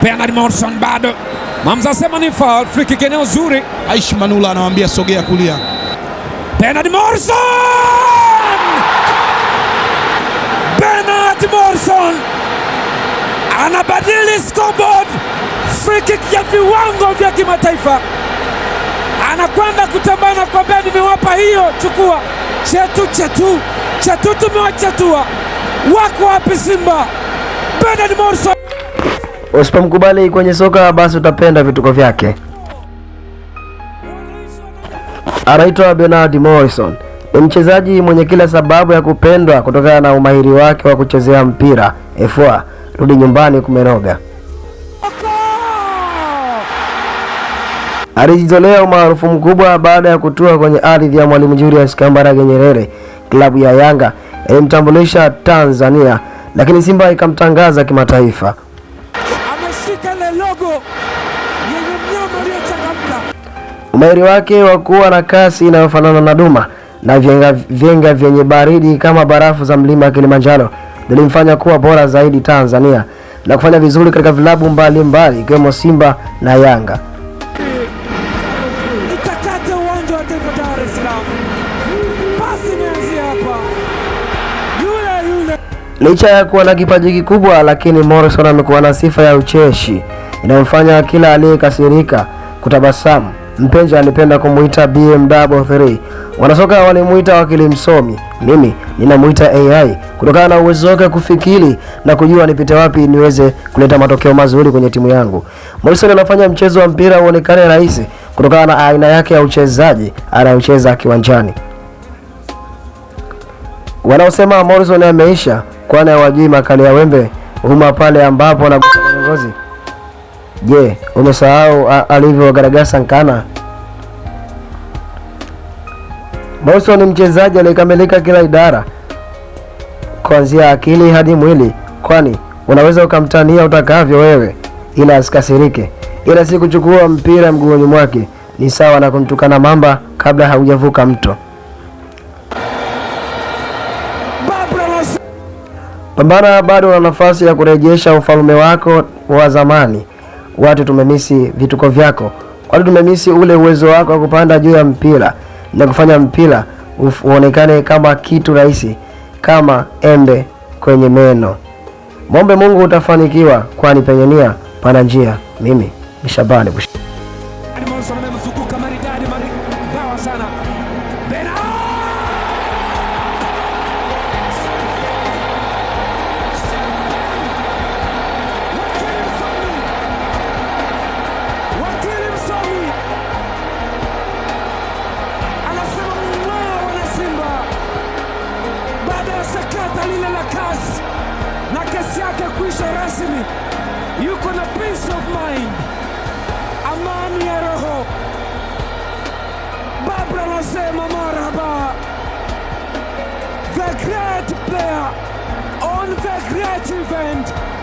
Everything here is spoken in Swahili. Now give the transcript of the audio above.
Bernard Morrison bado Mamza sema ni foul, free kick eneo zuri. Aishi Manula anamwambia sogea kulia. Bernard Morrison! Bernard Morrison anabadili scoreboard. Free kick ya viwango vya kimataifa, anakwenda kutembea na kwambia, nimewapa hiyo, chukua chetu chetu chetu, tumewachetua. Wako wapi Simba? Bernard Morrison usipomkubali kwenye soka, basi utapenda vituko vyake. Anaitwa Bernard Morrison, ni mchezaji mwenye kila sababu ya kupendwa kutokana na umahiri wake wa kuchezea mpira. Efua, rudi nyumbani, kumenoga. Alijizolea umaarufu mkubwa baada ya kutua kwenye ardhi ya Mwalimu Julius Kambarage Nyerere. Klabu ya Yanga ilimtambulisha Tanzania, lakini Simba ikamtangaza kimataifa logo yenye mnyama Umahiri wake wa kuwa na kasi inayofanana na duma na vyenga, vyenga vyenye baridi kama barafu za mlima wa Kilimanjaro vilimfanya kuwa bora zaidi Tanzania na kufanya vizuri katika vilabu mbalimbali ikiwemo Simba na Yanga. uwanja wa Taifa Dar es Salaam. Pasi imeanzia hapa. Licha ya kuwa na kipaji kikubwa, lakini Morrison amekuwa na sifa ya ucheshi inayomfanya kila aliyekasirika kutabasamu. Mpenja alipenda kumuita BMW3. Wanasoka walimuita wakili msomi, mimi ninamuita AI kutokana na uwezo wake kufikiri na kujua nipite wapi niweze kuleta matokeo mazuri kwenye timu yangu. Morrison anafanya mchezo wa mpira uonekane rahisi kutokana na aina yake ya uchezaji anayocheza kiwanjani. Wanaosema Morrison ameisha kwani hawajui makali ya wembe huma pale ambapo na ngozi? Je, umesahau alivyogaragasa Nkana? Boso ni mchezaji aliyekamilika kila idara, kuanzia akili hadi mwili, kwani unaweza ukamtania utakavyo wewe, ila asikasirike, ila si kuchukua mpira mguuni mwake ni sawa na kumtukana mamba kabla haujavuka mto. Pambana, bado una nafasi ya kurejesha ufalme wako wa zamani. Watu tumemisi vituko vyako, watu tumemisi ule uwezo wako wa kupanda juu ya mpira na kufanya mpira uonekane kama kitu rahisi kama embe kwenye meno. Mwombe Mungu utafanikiwa, kwani penye nia pana njia. Mimi ni Shabani. ile la kazi na kesi yake kuisha rasmi, yuko na peace of mind, amani ya roho. Babra anasema marhaba, the great player on the great event